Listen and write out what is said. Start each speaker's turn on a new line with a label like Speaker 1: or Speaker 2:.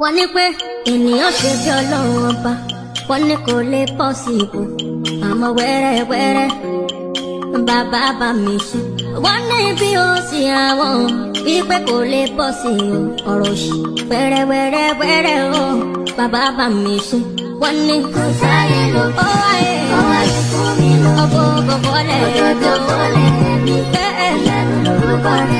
Speaker 1: wọ́n ní pé ènìyàn ṣe bí ọlọ́run ọba wọ́n ní kò lè pọ̀ sí ibò àmọ́ wẹ́rẹ́wẹ́rẹ́ bàbá bá mi ṣe. wọ́n ní bí ó sì àwọn wípé kò lè pọ̀ sí ọ̀rọ̀ ṣì wẹ́rẹ́wẹ́rẹ́wẹ́rẹ́ o bàbá bá mi ṣe. wọ́n ní kò sáyé lò ó wáyé ó wáyé fún mi lò ó bó bó ó
Speaker 2: tó bọ́lẹ̀ mi bẹ́ẹ̀ lórúkọ rẹ̀.